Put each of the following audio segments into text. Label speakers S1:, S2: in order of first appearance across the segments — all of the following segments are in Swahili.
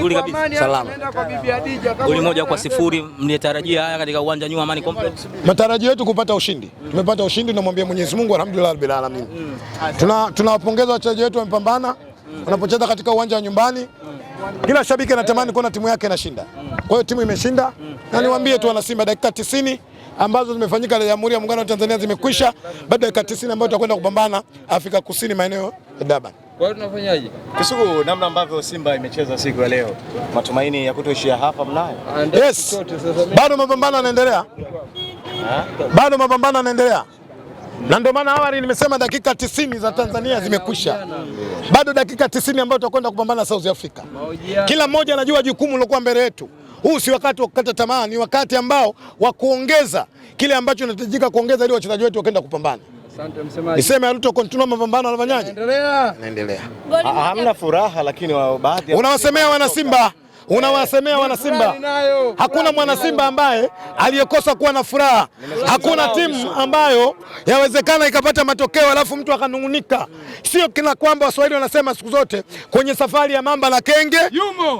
S1: goli kabisa salama, goli moja kwa sifuri. Mlitarajia haya katika uwanja nyuma Amani Complex?
S2: Matarajio yetu kupata ushindi, tumepata ushindi, na mwambie Mwenyezi Mungu alhamdulillah rabbil alamin. Tuna Tunawapongeza wachezaji wetu, wamepambana wanapocheza katika uwanja wa nyumbani. Kila shabiki anatamani kuona timu yake inashinda, kwa hiyo timu imeshinda, na niwaambie tu Simba dakika 90 ambazo zimefanyika ya Jamhuri ya Muungano wa Tanzania zimekwisha, baada ya dakika 90 ambayo tutakwenda kupambana Afrika Kusini, maeneo ya Durban.
S1: Kwa hiyo tunafanyaje?
S3: Kisugu, namna ambavyo Simba imecheza siku ya leo, matumaini ya kutoishia hapa mnayo?
S2: Ah, yes. Bado mapambano yanaendelea, bado mapambano yanaendelea na ndio maana awali nimesema dakika tisini za Tanzania zimekwisha, ah, bado dakika tisini ambayo tutakwenda kupambana South Africa. Kila mmoja anajua jukumu lilokuwa mbele yetu. Huu si wakati wa kukata tamaa, ni wakati ambao wa kuongeza kile ambacho inahitajika kuongeza ili wachezaji wetu wakenda kupambana. Asante msemaji. Niseme Ruto continue mapambano anafanyaje?
S4: Hamna furaha lakini baadhi
S2: eh, unawasemea wana Simba unawasemea wanasimba. Hakuna mwanasimba ambaye aliyekosa kuwa na furaha. Hakuna timu ambayo yawezekana ikapata matokeo alafu mtu akanungunika. Sio kila kwamba Waswahili wanasema siku zote kwenye safari ya mamba na kenge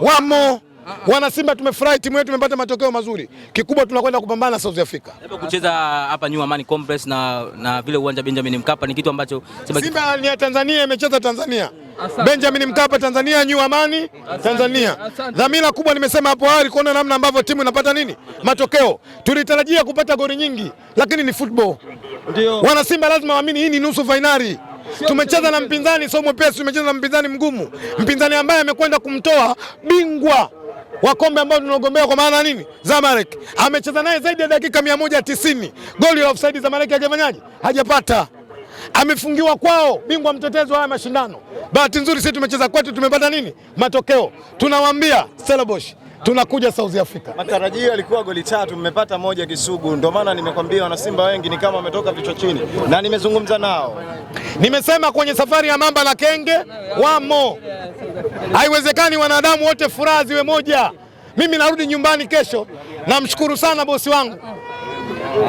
S2: wamo Ah, ah. Wana Simba tumefurahi, timu yetu imepata matokeo mazuri. Kikubwa tunakwenda kupambana na South Africa.
S1: Labda kucheza hapa New Amani Complex na, na vile uwanja Benjamin Mkapa ni kitu ambacho
S2: Simba, Simba ni ya Tanzania, imecheza Tanzania Benjamin Mkapa Tanzania, New Amani Tanzania. Dhamira kubwa nimesema hapo awali, kuona namna ambavyo timu inapata nini matokeo. Tulitarajia kupata goli nyingi, lakini ni football. Ndio wana Simba lazima waamini hii ni nusu fainali. Tumecheza na mpinzani somo mwepesi, tumecheza na mpinzani mgumu, mpinzani ambaye amekwenda kumtoa bingwa wa kombe ambao tunaogombea kwa maana nini, Zamalek amecheza naye zaidi ya dakika mia moja tisini goli la ofsaidi Zamalek hajafanyaje, hajapata amefungiwa kwao, bingwa mtetezi wa haya mashindano. Bahati nzuri sisi tumecheza kwetu, tumepata nini matokeo. Tunawaambia Stellenbosch tunakuja South Africa.
S4: Matarajio yalikuwa goli tatu, mmepata moja kisugu. Ndio maana nimekwambia wanasimba wengi ni kama wametoka vichwa chini, na nimezungumza nao,
S2: nimesema kwenye safari ya mamba na kenge wamo. Haiwezekani wanadamu wote furaha ziwe moja. Mimi narudi nyumbani kesho, namshukuru sana bosi wangu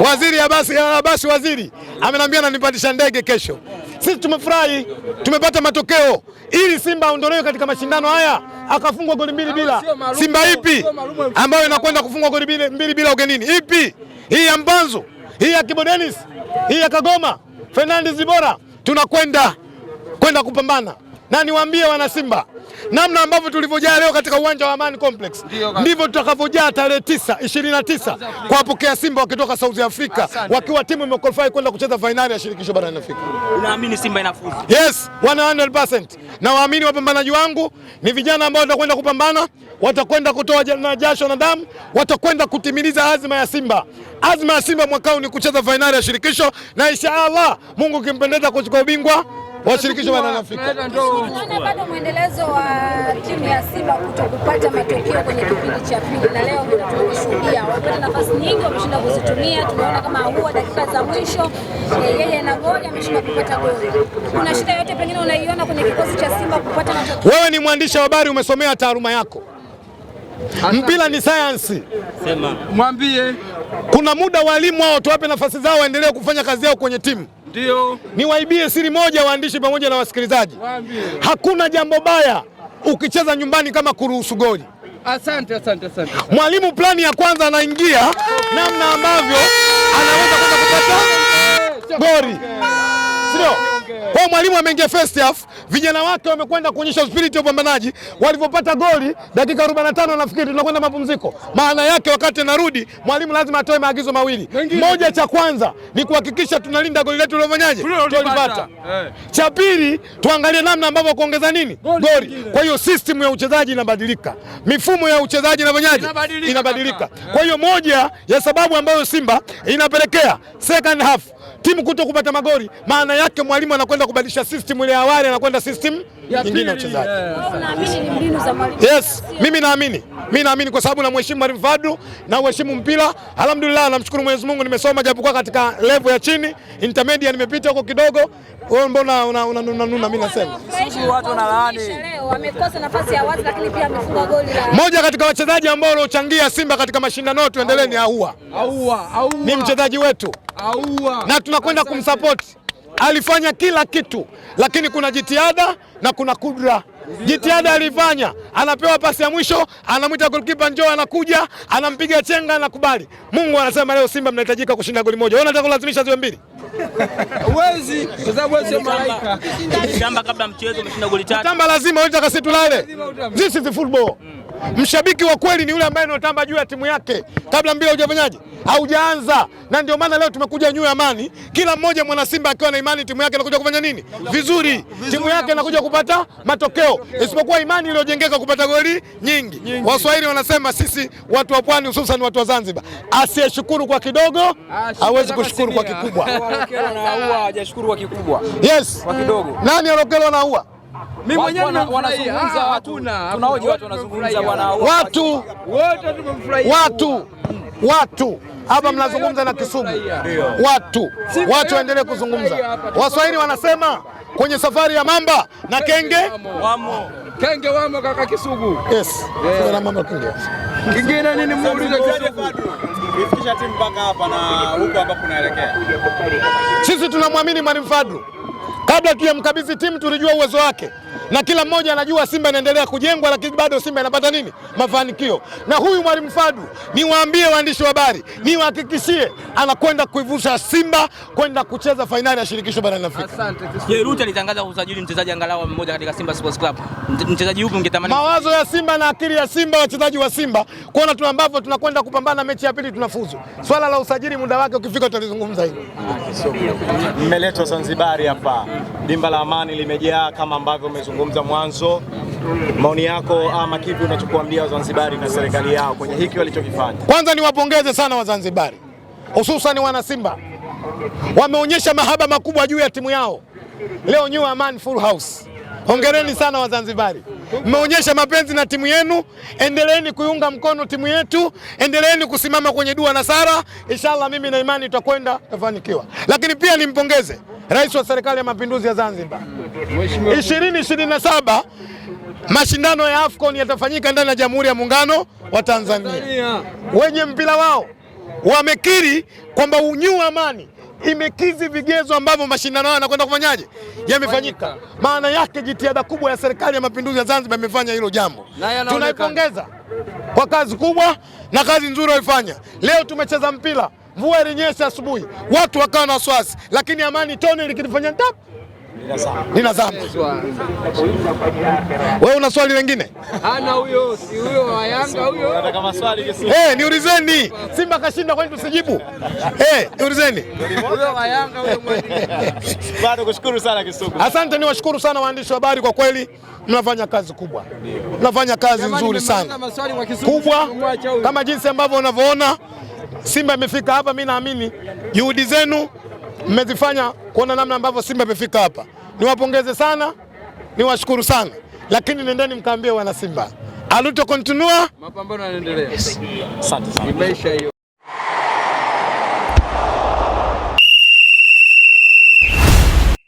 S2: Waziri Abasi, Abasi waziri amenambia ananipandisha ndege kesho. Sisi tumefurahi, tumepata matokeo ili Simba aondolewe katika mashindano haya, akafungwa goli mbili bila. Simba ipi ambayo inakwenda kufungwa goli mbili bila ugenini? Ipi hii ya Mbanzu, hii ya Kibo hii ya Kagoma Fernandes bora? Tunakwenda kwenda kupambana na niwaambie wanasimba, namna ambavyo tulivyojaa leo katika uwanja wa Amani Complex ndivyo tutakavyojaa tarehe tisa ishirini na tisa kuwapokea Simba wakitoka South Africa wakiwa timu imekwalify kwenda kucheza fainali ya shirikisho barani Afrika.
S1: Unaamini Simba inafuzu?
S2: Yes, 100%. Na waamini wapambanaji wangu ni vijana ambao watakwenda kupambana, watakwenda kutoa na jasho na damu, watakwenda kutimiliza azma ya Simba. Azma ya Simba mwakao ni kucheza fainali ya shirikisho na insha Allah Mungu kimpendeza kuchukua ubingwa washirikisho wananafika.
S5: Bado mwendelezo wa timu ya Simba kutokupata matokeo kwenye kipindi cha pili, na leo tunashuhudia wapata nafasi nyingi, wameshinda kuzitumia. Tunaona kama huwa dakika za mwisho eh, yeye na goli ameshinda kupata goli. Kuna shida yote pengine unaiona kwenye kikosi cha Simba kupata matokeo?
S2: Wewe ni mwandishi wa habari, umesomea taaluma yako, mpira ni sayansi. Sema mwambie, kuna muda walimu wao tuwape nafasi zao waendelee kufanya kazi yao kwenye timu. Ndio. Niwaibie siri moja waandishi pamoja na wasikilizaji. Waambie. Hakuna jambo baya ukicheza nyumbani kama kuruhusu goli.
S4: Asante, asante, asante.
S2: Mwalimu plani ya kwanza anaingia namna ambavyo anaweza kwenda kupata goli sio? Kwa mwalimu ameingia first half, vijana wake wamekwenda kuonyesha spirit ya upambanaji. Walivyopata goli dakika 45 nafikiri tunakwenda mapumziko. Maana yake wakati narudi, mwalimu lazima atoe maagizo mawili. Moja, cha kwanza ni kuhakikisha tunalinda goli letu lilofanyaje? Tulipata. Eh. Cha pili, tuangalie namna ambavyo kuongeza nini? Goli. Kwa hiyo system ya uchezaji inabadilika. Mifumo ya uchezaji inafanyaje? Inabadilika. Kwa hiyo moja ya sababu ambayo Simba inapelekea second half timu kuto kupata magoli, maana yake mwalimu anakwenda kubadilisha system ile awali, anakwenda system nyingine ya wachezaji. Yes, mimi naamini, mimi naamini kwa sababu namheshimu Mwalimu Fadlu na uheshimu mpira. Alhamdulillah, namshukuru Mwenyezi Mungu, nimesoma japokuwa katika level ya chini intermediate, nimepita huko kidogo. Wewe mbona unanuna? Mimi nasema
S4: watu laani
S5: wamekosa nafasi ya wazi, lakini pia amefunga goli.
S2: Moja katika wachezaji ambao waliochangia Simba katika mashindano yetu, endeleeni aua,
S4: aua, aua, ni
S2: mchezaji wetu
S4: aua,
S2: na tunakwenda kumsapoti. Alifanya kila kitu, lakini kuna jitihada na kuna kudra. Jitihada alifanya, anapewa pasi ya mwisho, anamwita golikipa njoo, anakuja anampiga chenga, anakubali. Mungu anasema leo Simba mnahitajika kushinda goli moja, wewe unataka kulazimisha ziwe mbili.
S4: Uwezi, kwa sababu wewe sio malaika.
S1: Kitamba kabla mchezo umeshinda goli tatu.
S2: Kitamba lazima wewe utakasi tulale. This is the football. Mm. Mshabiki wa kweli ni yule ambaye anatamba juu ya timu yake kabla mpira hujafanyaje, haujaanza. Na ndio maana leo tumekuja juu ya amani, kila mmoja mwana Simba akiwa na imani timu yake inakuja kufanya nini vizuri, timu yake inakuja kupata matokeo, isipokuwa imani iliyojengeka kupata goli nyingi, Waswahili wanasema sisi watu wa pwani, hususan watu wa Zanzibar, asiyeshukuru kwa kidogo ah, hawezi kushukuru kwa kikubwa. Yes, nani alokelwa na ua
S1: mimi mwenyewe ah, wanazungumza watu, tunaoje watu wanazungumza bwana,
S2: watu wote tumemfurahia watu watu hapa mnazungumza na Kisugu, watu watu waendelee kuzungumza. Waswahili wanasema kwenye safari ya mamba na kenge
S4: wamo, kenge wamo, kaka Kisugu.
S2: Yes, na mamba kenge.
S4: Kingine nini muulize Kisugu,
S3: ifikisha timu mpaka hapa na huko ambapo kunaelekea.
S2: Sisi tunamwamini Mwalimu Fadlu. Kabla tuyamkabidhi timu tulijua uwezo wake na kila mmoja anajua Simba inaendelea kujengwa, lakini bado Simba inapata nini? Mafanikio. Na huyu mwalimu Fadu, niwaambie waandishi wa habari, niwahakikishie, anakwenda kuivusha Simba kwenda kucheza fainali ya shirikisho barani Afrika.
S1: Asante. Jeruti alitangaza kusajili mchezaji angalau mmoja katika Simba Sports Club. Mchezaji yupi ungetamani?
S2: Mawazo ya Simba na akili ya Simba, wachezaji wa Simba kuona tuna ambavyo tunakwenda kupambana mechi ya pili, tunafuzu. Swala la usajili muda wake ukifika tutalizungumza hilo.
S4: Mmeletwa Zanzibar hapa, dimba la Amani limejaa kama ambavyo umezungumza umezungumza mwanzo, maoni yako ama ah, kipi unachokuambia Wazanzibari na serikali yao kwenye hiki walichokifanya?
S2: Kwanza niwapongeze sana Wazanzibari, hususan wana Simba, wameonyesha mahaba makubwa juu ya timu yao. Leo New Aman full house. Hongereni sana Wazanzibari, mmeonyesha mapenzi na timu yenu. Endeleeni kuiunga mkono timu yetu, endeleeni kusimama kwenye dua na sara Inshallah, mimi na imani tutakwenda tafanikiwa. Lakini pia nimpongeze Rais wa Serikali ya Mapinduzi ya Zanzibar ishirini na saba mashindano ya AFCON yatafanyika ndani ya Jamhuri ya Muungano wa Tanzania. Wenye mpira wao wamekiri kwamba unyua Amani imekizi vigezo ambavyo mashindano hayo yanakwenda kufanyaje, yamefanyika. Maana yake jitihada kubwa ya Serikali ya Mapinduzi ya Zanzibar imefanya hilo jambo, tunaipongeza kwa kazi kubwa na kazi nzuri waifanya. Leo tumecheza mpira, mvua ilinyesha asubuhi, watu wakawa na wasiwasi, lakini Amani tone likilifanya tap nina zamu. Wewe una swali lingine?
S4: Hana huyo, si huyo wa Yanga huyo.
S2: Nataka maswali kesho. Eh, niulizeni. Simba kashinda kwani tusijibu? Eh, niulizeni.
S4: Huyo wa Yanga huyo mwalimu.
S1: Bado kushukuru sana Kisugu.
S2: Asante, ni washukuru sana waandishi wa habari kwa kweli mnafanya kazi kubwa. Mnafanya kazi nzuri sana. Kubwa kama jinsi ambavyo unavyoona Simba imefika hapa, mimi naamini juhudi zenu mmezifanya kuona namna ambavyo Simba imefika hapa. Niwapongeze sana, niwashukuru sana, lakini nendeni mkaambie wana Simba aluto kontinua
S4: mapambano yanaendelea.
S2: Asante sana. Imeisha hiyo.